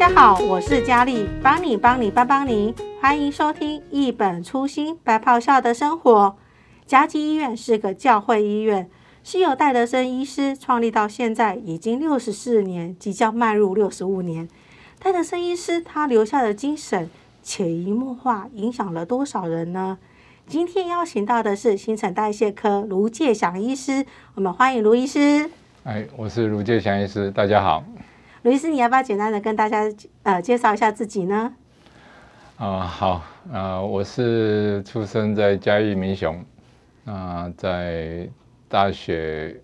大家好，我是佳麗，幫你幫你幫幫你，歡迎收聽一本初心白袍下的生活。嘉基醫院是個教會醫院，是由戴德森醫師創立到現在已經六十四年，即將邁入六十五年。戴德森醫師他留下的精神，潛移默化影響了多少人呢？今天邀請到的是新陳代謝科盧介祥醫師，我們歡迎盧醫師。哎，我是盧介祥醫師，大家好。盧醫師，你要不要簡單的跟大家呃介紹一下自己呢？啊、呃，好，啊、呃，我是出生在嘉義民雄，那、呃、在大學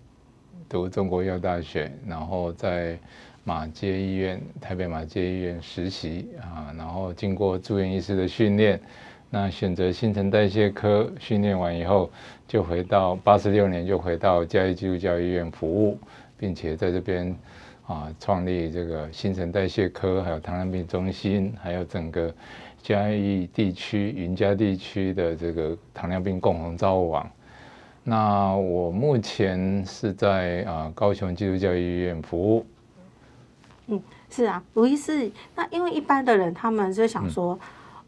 讀中國藥大學，然後在馬偕醫院台北馬偕醫院實習啊、呃，然後經過住院醫師的訓練，那選擇新陳代謝科訓練完以後，就回到八十六年就回到嘉義基督教醫院服務，並且在這邊。啊！創立這個新陳代謝科，還有糖尿病中心，還有整個嘉義地區、雲嘉地區的這個糖尿病共同照護網。那我目前是在啊高雄基督教醫院服務。嗯，是啊，盧醫師。那因為一般的人，他們就想說，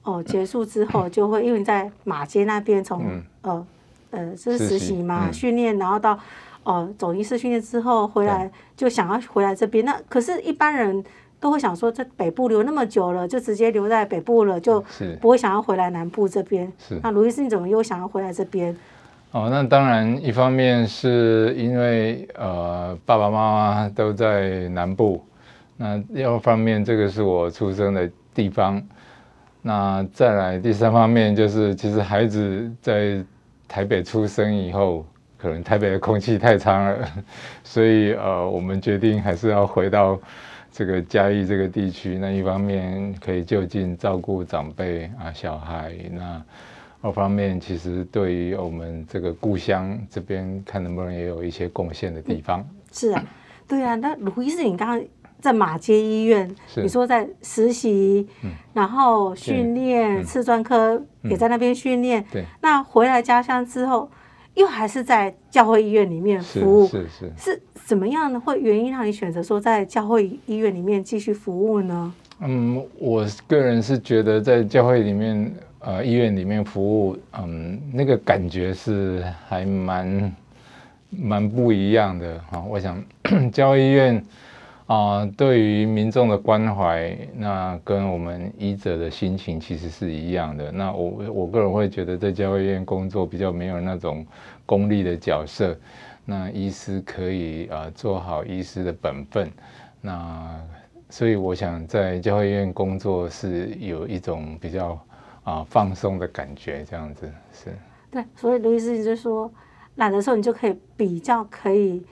哦、嗯呃，結束之後就會，因為在馬街那邊從、嗯、呃呃是，是實習嘛，訓練，嗯、然後到。哦，走一次訓練之後回來就想要回來這邊。對那可是，一般人都會想說，在北部留那麼久了，就直接留在北部了，就不會想要回來南部這邊、嗯。是那，盧醫師你怎麼又想要回來這邊？哦，那當然，一方面是因為呃，爸爸媽媽都在南部；那第二方面，這個是我出生的地方；那再來第三方面，就是其實孩子在台北出生以後。可能台北的空氣太差了，所以呃，我們決定還是要回到這個嘉義這個地區。那一方面可以就近照顧長輩啊、小孩；那二方面，其實對於我們這個故鄉這邊，看能不能也有一些貢獻的地方。是啊，對啊。那盧醫師你剛剛在馬偕醫院，是你說在實習，嗯、然後訓練，次專對科也在那邊訓練。對。那回來家鄉之後。又還是在教會醫院裡面服務，是是是，是，是，是怎麼樣的會原因讓你選擇說在教會醫院裡面繼續服務呢？嗯，我個人是覺得在教會裡面，呃，醫院裡面服務，嗯，那個感覺是還蠻蠻不一樣的哈、哦。我想 教會醫院。啊、呃，對於民眾的關懷，那跟我們醫者的心情其實是一樣的。那我我個人會覺得，在教會醫院工作比較沒有那種功利的角色，那醫師可以啊、呃、做好醫師的本分。那所以我想在教會醫院工作是有一種比較啊、呃、放鬆的感覺，這樣子是。對，所以盧醫師就說，懶的時候你就可以比較可以，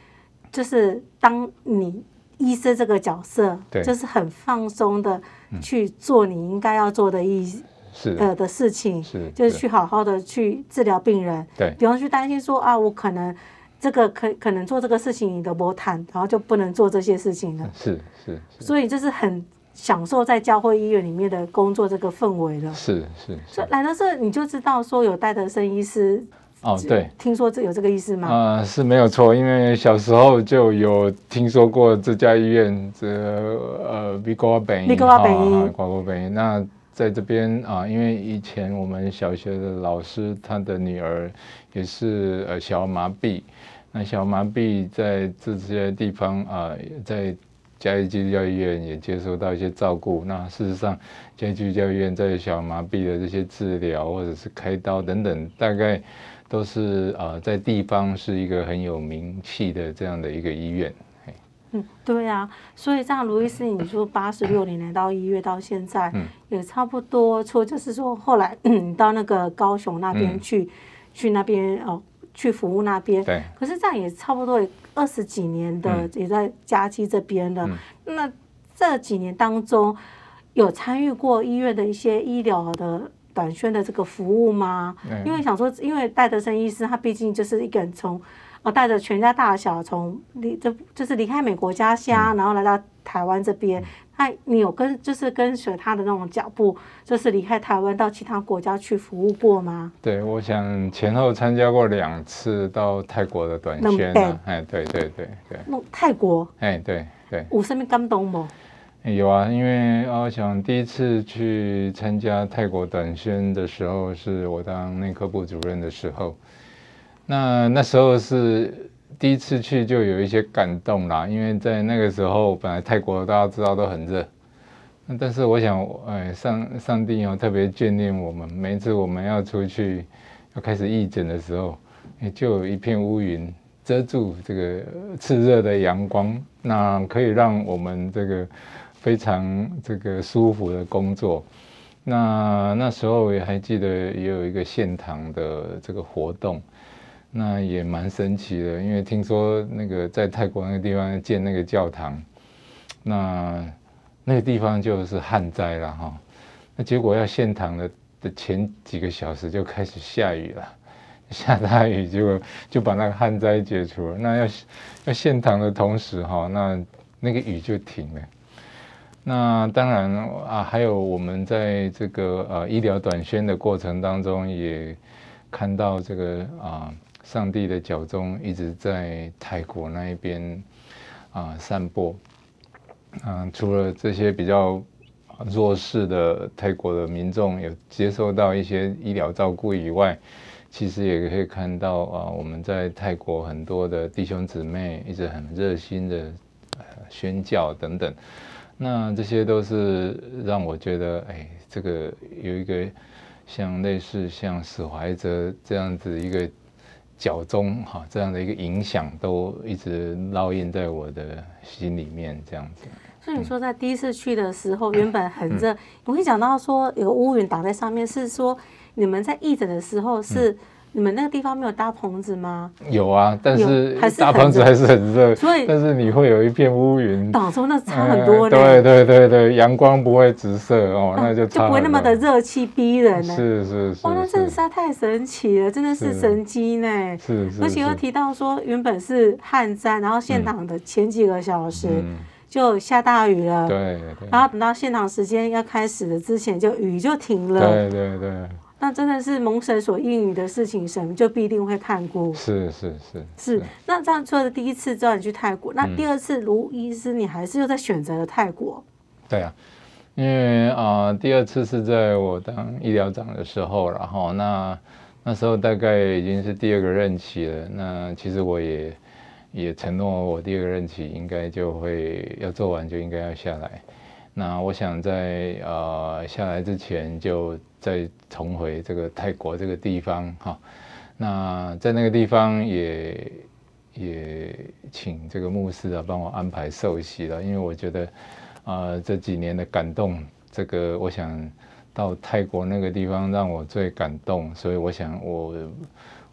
就是當你。醫師這個角色，對就是很放鬆的去做你應該要做的一、嗯、呃的，的事情，是的就是去好好的去治療病人，不用的去擔心說對啊，我可能這個可可能做這個事情你，你的摸坦然後就不能做這些事情了。是是，所以就是很享受在教會醫院裡面的工作這個氛圍的。是是，所以來到這你就知道說有戴德森醫師。哦，對，聽說這有這個意思嗎？啊、哦呃，是沒有錯，因為小時候就有聽說過這家醫院，這呃，美國仔病院，美國仔病院，美國仔、哦嗯啊、美國仔病院。那在這邊啊，因為以前我們小學的老師，他的女兒也是呃小兒麻痹，那小兒麻痹在這些地方啊、呃，在嘉義基督教醫院也接受到一些照顧。那事實上，嘉義基督教醫院在小兒麻痹的這些治療或者是開刀等等，大概。都是呃，在地方是一個很有名氣的這樣的一個醫院，嘿嗯，對啊，所以這樣，盧醫師，你說八十六年來到醫院到現在，嗯嗯、也差不多，說就是說，後來、嗯、到那個高雄那邊去，嗯、去那邊哦，去服務那邊，對，可是這樣也差不多二十幾年的，也在嘉基這邊的，嗯嗯、那這幾年當中，有參與過醫院的一些醫療的。短宣的這個服務嗎？因為想說，因為戴德森醫師他畢竟就是一個人從啊、呃、帶着全家大小從離這就是離開美國家鄉，然後來到台灣這邊。那你有跟就是跟隨他的那種腳步，就是離開台灣到其他國家去服務過嗎、嗯？對，我想前後參加過兩次到泰國的短宣啊，哎，對對對對。那泰國？哎，對對。有什麼感動嗎？有啊，因為我想第一次去參加泰國短宣的時候，是我當內科部主任的時候。那那時候是第一次去，就有一些感動啦。因為在那個時候，本來泰國大家知道都很熱，但是我想，哎，上上帝哦，特別眷念我們。每一次我們要出去要開始義診的時候，就有一片烏雲遮住這個熾熱的陽光，那可以讓我們這個。非常這個舒服的工作，那那時候我也還記得也有一個獻堂的這個活動，那也蠻神奇的，因為聽說那個在泰國那個地方建那個教堂，那那個地方就是旱災了哈，那結果要獻堂的的前幾個小時就開始下雨了，下大雨結果就把那個旱災解除了，那要要獻堂的同時哈，那那個雨就停了。那當然啊，還有我們在這個呃、啊、醫療短宣的過程當中，也看到這個啊上帝的腳蹤一直在泰國那一邊啊散播。嗯，除了這些比較弱勢的泰國的民眾有接受到一些醫療照顧以外，其實也可以看到啊我們在泰國很多的弟兄姊妹一直很熱心的宣教等等。那這些都是讓我覺得，哎，這個有一個像類似像史懷哲這樣子一個腳蹤哈這樣的一個影響，都一直烙印在我的心裡面這樣子。所以你說在第一次去的時候，嗯、原本很熱，嗯、我會講到說有烏雲擋在上面，是說你們在義診的時候是。嗯你們那個地方沒有搭棚子嗎？有啊，但是搭棚子還是很熱。所以，但是你會有一片烏雲擋住，那差很多。對對對對，陽光不會直射哦，那就就不會那麼的熱氣逼人呢。是是是，哇，那真的是太神奇了，真的是神蹟呢。是是。而且又提到說，原本是旱災，然後現場的前幾個小時就下大雨了。對。然後等到現場時間要開始了之前，就雨就停了。對對對。那真的是蒙神所應允的事情，神就必定會看顧。是是是是。那這樣做的第一次，之後你去泰國。嗯、那第二次，盧醫師，你還是又在選擇了泰國。對啊，因為啊、呃，第二次是在我當醫療長的時候，然後那那時候大概已經是第二個任期了。那其實我也也承諾，我第二個任期應該就會要做完，就應該要下來。那我想在呃下來之前，就再重回這個泰國這個地方哈、哦。那在那個地方也也請這個牧師啊幫我安排受洗了，因為我覺得呃這幾年的感動，這個我想到泰國那個地方讓我最感動，所以我想我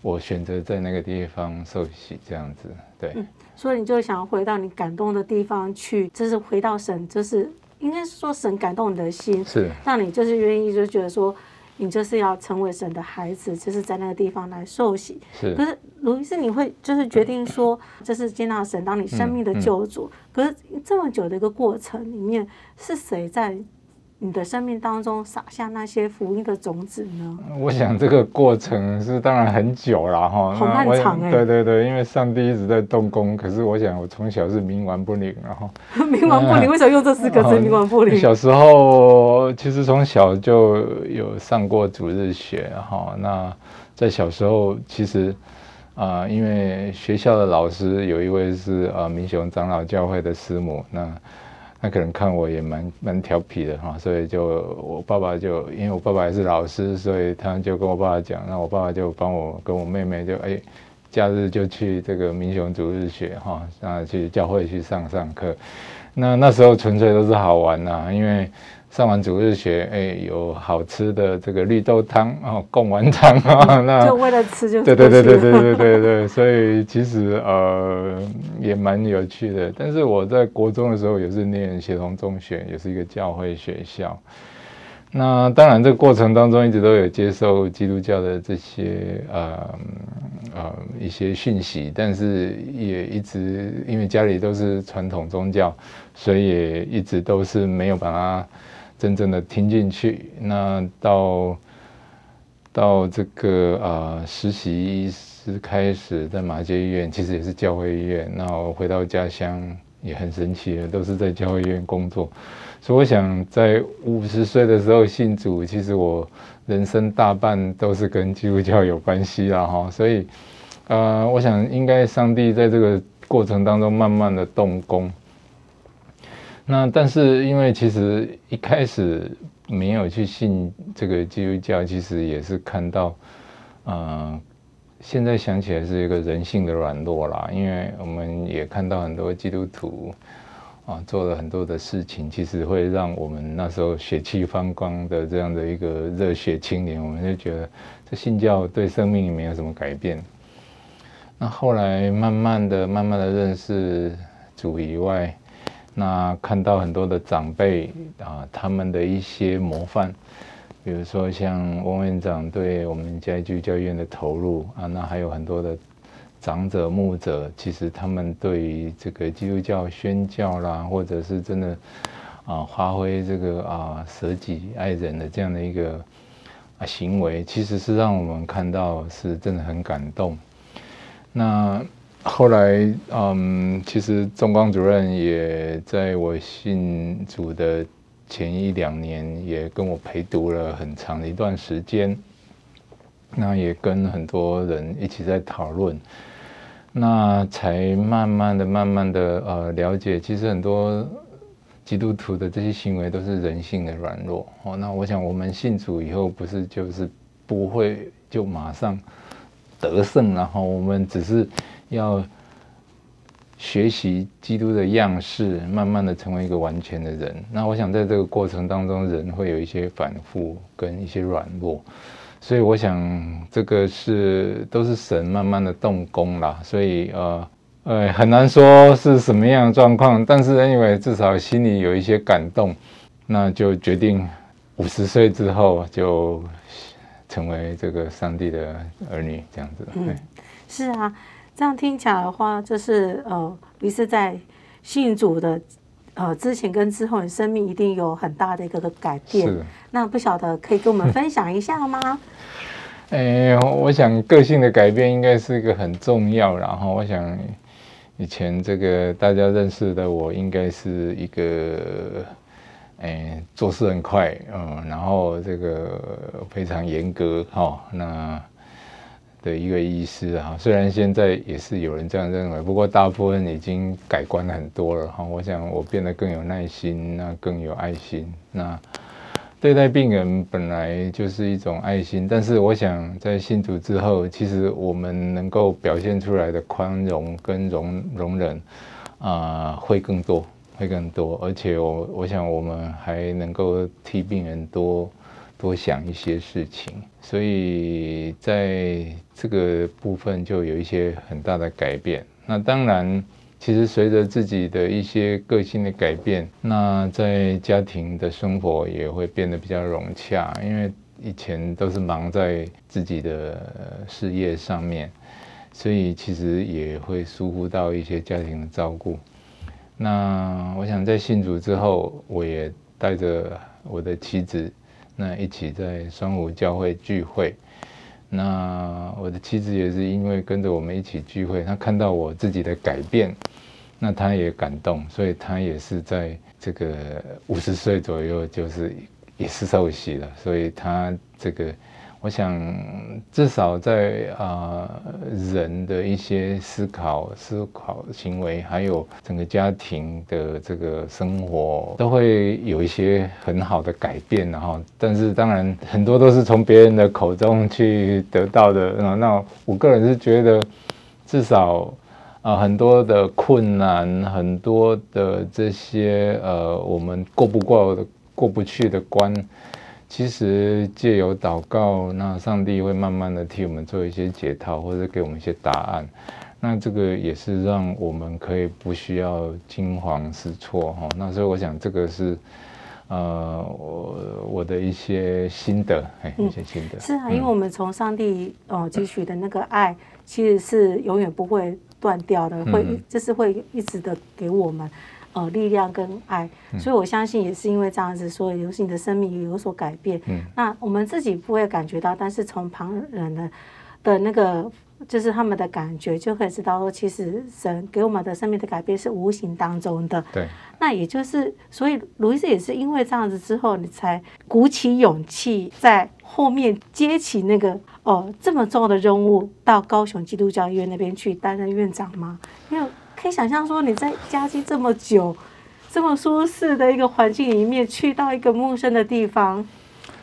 我選擇在那個地方受洗這樣子。對、嗯，所以你就想回到你感動的地方去，這是回到神，這是。應該是說神感動你的心，是讓你就是願意，就覺得說你就是要成為神的孩子，就是在那個地方來受洗。是。可是盧醫師，你會就是決定說，就是接納神當你生命的救主。嗯嗯、可是這麼久的一個過程裡面，是誰在？你的生命當中撒下那些福音的種子呢？我想這個過程是當然很久了哈、哦、嗯、好漫長哎。對對對，因為上帝一直在動工，可是我想我從小是冥頑不、哦、 不靈，然後冥頑不靈。為什麼用這四個字？冥頑、呃、不靈。小時候其實從小就有上過主日學，哦、那在小時候其實啊、呃，因為學校的老師有一位是啊民雄長老教會的師母那，他可能看我也蠻蠻調皮的哈，所以就我爸爸就，因為我爸爸也是老師，所以他就跟我爸爸講，那我爸爸就幫我跟我妹妹就哎，假日就去這個民雄主日學哈，那去教會去上上課，那那時候純粹都是好玩吶、啊，因為。上完主日學，欸，有好吃的這個綠豆湯哦、貢丸湯啊，嗯，那就為了吃就對對對對對對對對，所以其實呃也蠻有趣的。但是我在國中的時候也是念協同中學，也是一個教會學校。那當然這個過程當中一直都有接受基督教的這些呃呃一些訊息，但是也一直因為家裡都是傳統宗教，所以也一直都是沒有把它。真正的聽進去，那到到這個呃實習醫師開始在馬偕醫院，其實也是教會醫院。那我回到家鄉也很神奇的，都是在教會醫院工作。所以我想，在五十歲的時候信主，其實我人生大半都是跟基督教有關係了哈。所以呃，我想應該上帝在這個過程當中慢慢的動工。那但是因為其實一開始沒有去信這個基督教，其實也是看到，呃，現在想起來是一個人性的軟弱啦。因為我們也看到很多基督徒啊做了很多的事情，其實會讓我們那時候血氣方剛的這樣的一個熱血青年，我們就覺得這信教對生命沒有什麼改變。那後來慢慢的、慢慢的認識主以外。那看到很多的長輩啊，他們的一些模範，比如說像汪院長對我們家基督教醫院的投入啊，那還有很多的長者牧者，其實他們對於這個基督教宣教，啦，或者是真的啊，發揮這個啊捨己愛人的這樣的一個行為，其實是讓我們看到是真的很感動。那。後來，嗯，其實中光主任也在我信主的前一兩年，也跟我陪讀了很長一段時間。那也跟很多人一起在討論，那才慢慢的、慢慢的呃了解，其實很多基督徒的這些行為都是人性的軟弱哦。那我想，我們信主以後，不是就是不會就馬上得勝，然後我們只是。要學習基督的樣式，慢慢的成為一個完全的人。那我想在這個過程當中，人會有一些反覆跟一些軟弱，所以我想這個是都是神慢慢的動工啦。所以呃呃、欸，很難說是什麼樣的狀況，但是 anyway，至少心裡有一些感動，那就決定五十歲之後就成為這個上帝的兒女，這樣子。對，嗯、是啊。這樣聽起來的話，就是呃，於是，在信主的呃之前跟之後，你生命一定有很大的一個改變。是。那不曉得可以跟我們分享一下嗎？哎、 欸，我想個性的改變應該是一個很重要。然後，我想以前這個大家認識的我，應該是一個哎、欸、做事很快，嗯，然後這個非常嚴格。哈、哦，那。的一個意思啊，雖然現在也是有人這樣認為，不過大部分已經改觀很多了哈。我想我變得更有耐心，那更有愛心，那對待病人本來就是一種愛心。但是我想在信主之後，其實我們能夠表現出來的寬容跟容容忍啊、呃，會更多，會更多。而且我我想我們還能夠替病人多。多想一些事情，所以在這個部分就有一些很大的改變。那當然，其實隨着自己的一些個性的改變，那在家庭的生活也會變得比較融洽。因為以前都是忙在自己的事業上面，所以其實也會疏忽到一些家庭的照顧。那我想在信主之後，我也帶着我的妻子。那一起在雙湖教會聚會，那我的妻子也是因為跟着我們一起聚會，她看到我自己的改變，那她也感動，所以她也是在這個五十歲左右，就是也是受洗了，所以她這個。我想，至少在啊、呃、人的一些思考、思考行為，還有整個家庭的這個生活，都會有一些很好的改變。然後，但是當然很多都是從別人的口中去得到的。呃、那我個人是覺得，至少啊、呃、很多的困難，很多的這些呃我們過不過的過不去的關。其實借由禱告，那上帝會慢慢的替我們做一些解套，或者給我們一些答案。那這個也是讓我們可以不需要驚慌失措哈。那所以我想這個是，呃，我我的一些心得，哎，一些心得、嗯。是啊，因為我們從上帝哦、呃、汲取的那個愛，其實是永遠不會斷掉的，會、嗯、就是會一直的給我們。哦、呃，力量跟愛，嗯、所以我相信也是因為這樣子，所以盧醫師的生命也有所改變。嗯，那我們自己不會感覺到，但是從旁人的的那個，就是他們的感覺，就可以知道說，其實神給我們的生命的改變是無形當中的。對，那也就是，所以盧醫師也是因為這樣子之後，你才鼓起勇氣，在後面接起那個哦、呃、這麼重要的任務，到高雄基督教醫院那邊去擔任院長嗎？因為可以想象說，你在嘉基這麼久，這麼舒適的一個環境裡面，去到一個陌生的地方，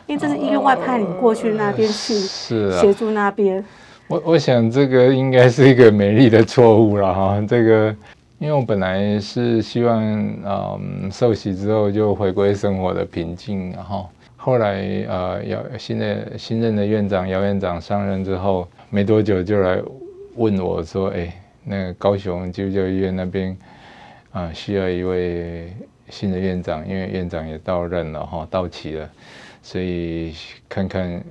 因為這是醫院外派你過去那邊去協那邊，呃，是協助那邊。我我想這個應該是一個美麗的錯誤了哈。這個，因為我本來是希望，嗯、呃，受洗之後就回歸生活的平靜，然、哦、後後來，呃，有新的新任的院長姚院長上任之後，沒多久就來問我說，哎、欸。那個高雄基督教醫院那邊啊、呃，需要一位新的院長，因為院長也到任了哈，到期了，所以看看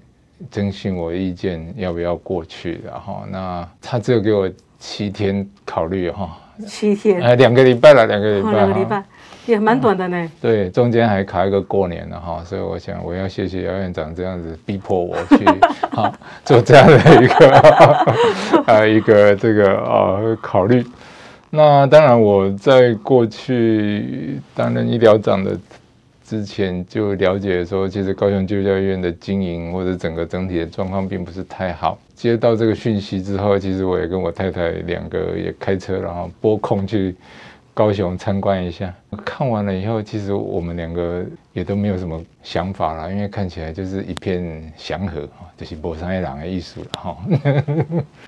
徵詢我的意見要不要過去了，然後那他只有給我七天考慮哈，七天，啊，兩個禮拜了，兩個禮拜。哦也蠻短的呢，嗯，對，中間還卡一個過年的哈，所以我想我要謝謝姚院長這樣子逼迫我去、 啊、做這樣的一個、啊、一個這個啊考慮。那當然我在過去擔任醫療長的之前就了解說，其實高雄基督教醫院的經營或者整個整體的狀況並不是太好。接到這個訊息之後，其實我也跟我太太兩個也開車然後撥空去。高雄參觀一下，看完了以後，其實我們兩個也都沒有什麼想法了，因為看起來就是一片祥和啊、哦，就是柏山夜郎的意思了哈。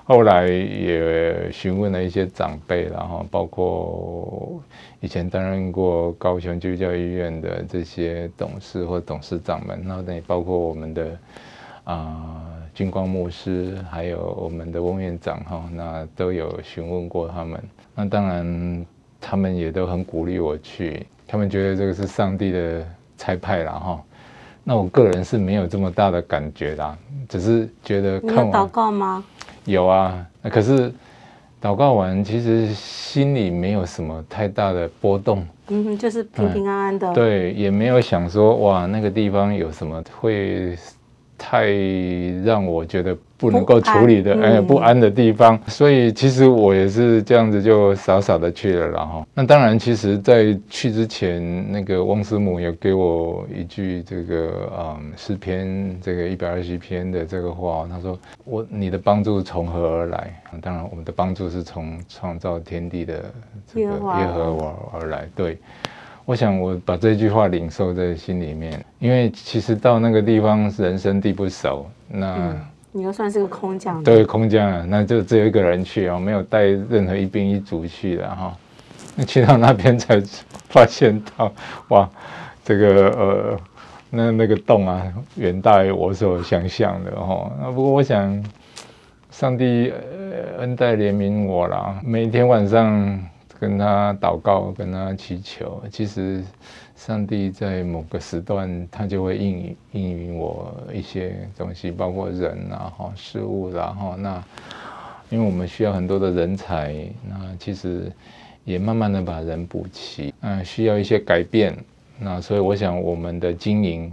哦、 後來也詢問了一些長輩，然後包括以前擔任過高雄基督教醫院的這些董事或董事長們，那也包括我們的啊軍官牧師，還有我們的翁院長哈、哦，那都有詢問過他們。那當然。他們也都很鼓勵我去，他們覺得這個是上帝的差派，然後那我個人是沒有這麼大的感覺的，只是覺得看。你有禱告嗎？有啊，可是禱告完其實心裡沒有什麼太大的波動。嗯哼，就是平平安安的。嗯、對，也沒有想說哇，那個地方有什麼會太讓我覺得。不能夠處理的，嗯、哎，不安的地方，所以其實我也是這樣子，就傻傻的去了，然後那當然，其實，在去之前，那個翁師母也給我一句這個嗯詩篇這個一百二十一篇的這個話，他說我你的幫助從何而來？當然，我們的幫助是從創造天地的耶和華而來。對，我想我把這句話領受在心裡面，因為其實到那個地方，人生地不熟，那，嗯你又算是個空降，對，空降啊，那就只有一個人去啊，沒有帶任何一兵一卒去了哈。那、哦、去到那邊才發現到，哇，這個呃，那那個洞啊，遠大於我所想象的哈。那、哦、不過我想，上帝、呃、恩待憐憫我了，每天晚上跟他禱告，跟他祈求，其實。上帝在某個時段，他就會應應允我一些東西，包括人然後、事物然後那，因為我們需要很多的人才，那其實也慢慢的把人補齊，嗯，需要一些改變，那所以我想我們的經營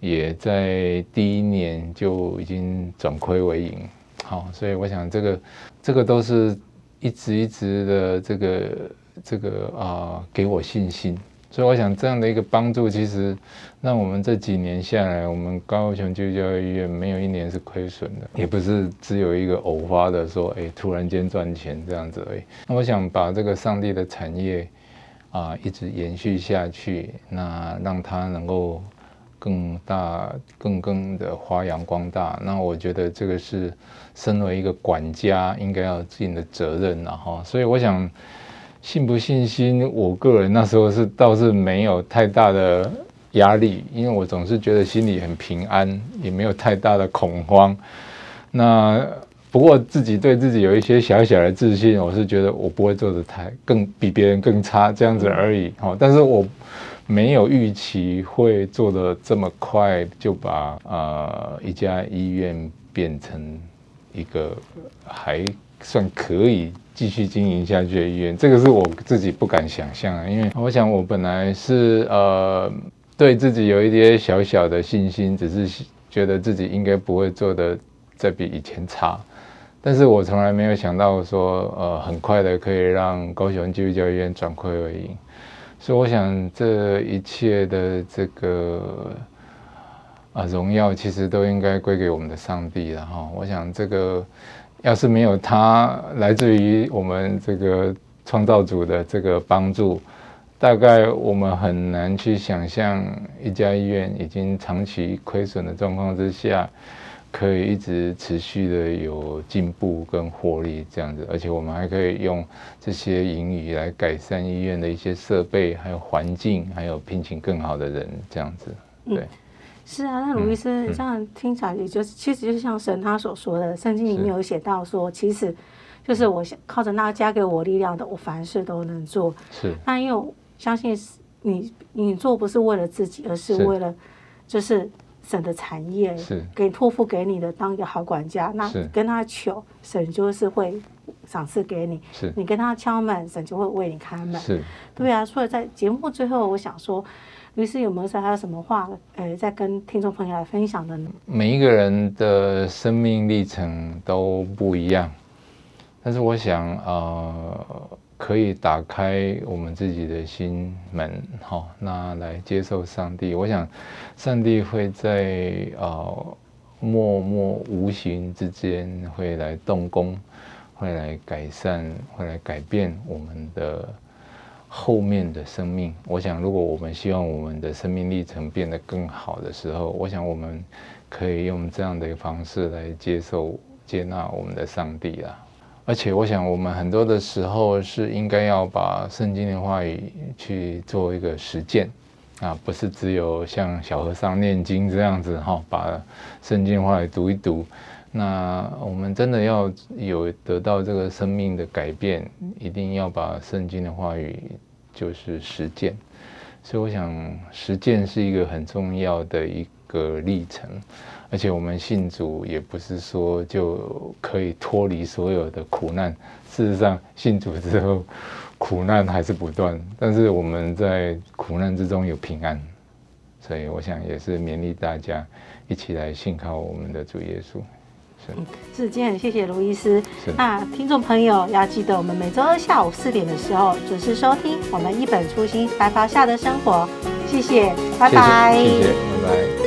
也在第一年就已經轉虧為盈，好，所以我想這個這個都是一直一直的這個這個啊，給我信心。所以我想這樣的一個幫助，其實讓我們這幾年下來，我們高雄基督教醫院沒有一年是虧損的，也不是只有一個偶發的說，誒，突然間賺錢這樣子而已。那我想把這個上帝的產業啊，一直延續下去，那讓它能夠更大、更更的發揚光大。那我覺得這個是身為一個管家應該要盡的責任，然後，所以我想。信不信心，我個人那時候是倒是沒有太大的壓力，因為我總是覺得心裡很平安，也沒有太大的恐慌。那不過自己對自己有一些小小的自信，我是覺得我不會做的太更比別人更差這樣子而已。哦，但是我沒有預期會做的這麼快就把呃一家醫院變成一個還。算可以繼續經營下去的醫院，這個是我自己不敢想象。因為我想我本來是呃，對自己有一點小小的信心，只是覺得自己應該不會做的再比以前差。但是我從來沒有想到說，呃，很快的可以讓高雄基督教醫院轉虧為盈。所以我想這一切的這個啊榮耀，其實都應該歸給我們的上帝了哈！我想這個。要是沒有它，來自於我們這個創造主的這個幫助，大概我們很難去想象一家醫院已經長期虧損的狀況之下，可以一直持續的有進步跟獲利這樣子，而且我們還可以用這些盈餘來改善醫院的一些設備，還有環境，還有聘請更好的人這樣子，對。嗯是啊，那盧醫生這樣聽起來，也就是，其實就是像神他所說的，聖經裡面有寫到說，是其實就是我靠着那加給我力量的，我凡事都能做。是，那因為我相信你，你做不是為了自己，而是為了就是神的產業，是給托付給你的，當一個好管家。是那你跟他求，神就是會賞賜給你；是，你跟他敲門，神就會為你開門。是，對啊。所以在節目最後，我想說。於是有沒有說還有什麼話？呃、欸，在跟聽眾朋友來分享的呢？每一個人的生命歷程都不一樣，但是我想，呃，可以打開我們自己的心門，好、哦、那來接受上帝。我想，上帝會在，呃，默默無形之間會來動工，會來改善，會來改變我們的。後面的生命，我想，如果我們希望我們的生命歷程變得更好的時候，我想我們可以用這樣的一個方式來接受、接納我們的上帝啊。而且，我想我們很多的時候是應該要把聖經的話語去做一個實踐啊，不是只有像小和尚念經這樣子哈、哦，把聖經話語讀一讀。那我們真的要有得到這個生命的改變，一定要把聖經的話語就是實踐。所以我想，實踐是一個很重要的一個歷程。而且我們信主也不是說就可以脫離所有的苦難。事實上，信主之後，苦難還是不斷。但是我們在苦難之中有平安。所以我想也是勉勵大家一起來信靠我們的主耶穌。嗯，是，是，今天很謝謝盧醫師。是那聽眾朋友要記得，我們每周二下午四點的時候準時收聽我們《一本初心白袍下的生活》。謝謝，拜拜。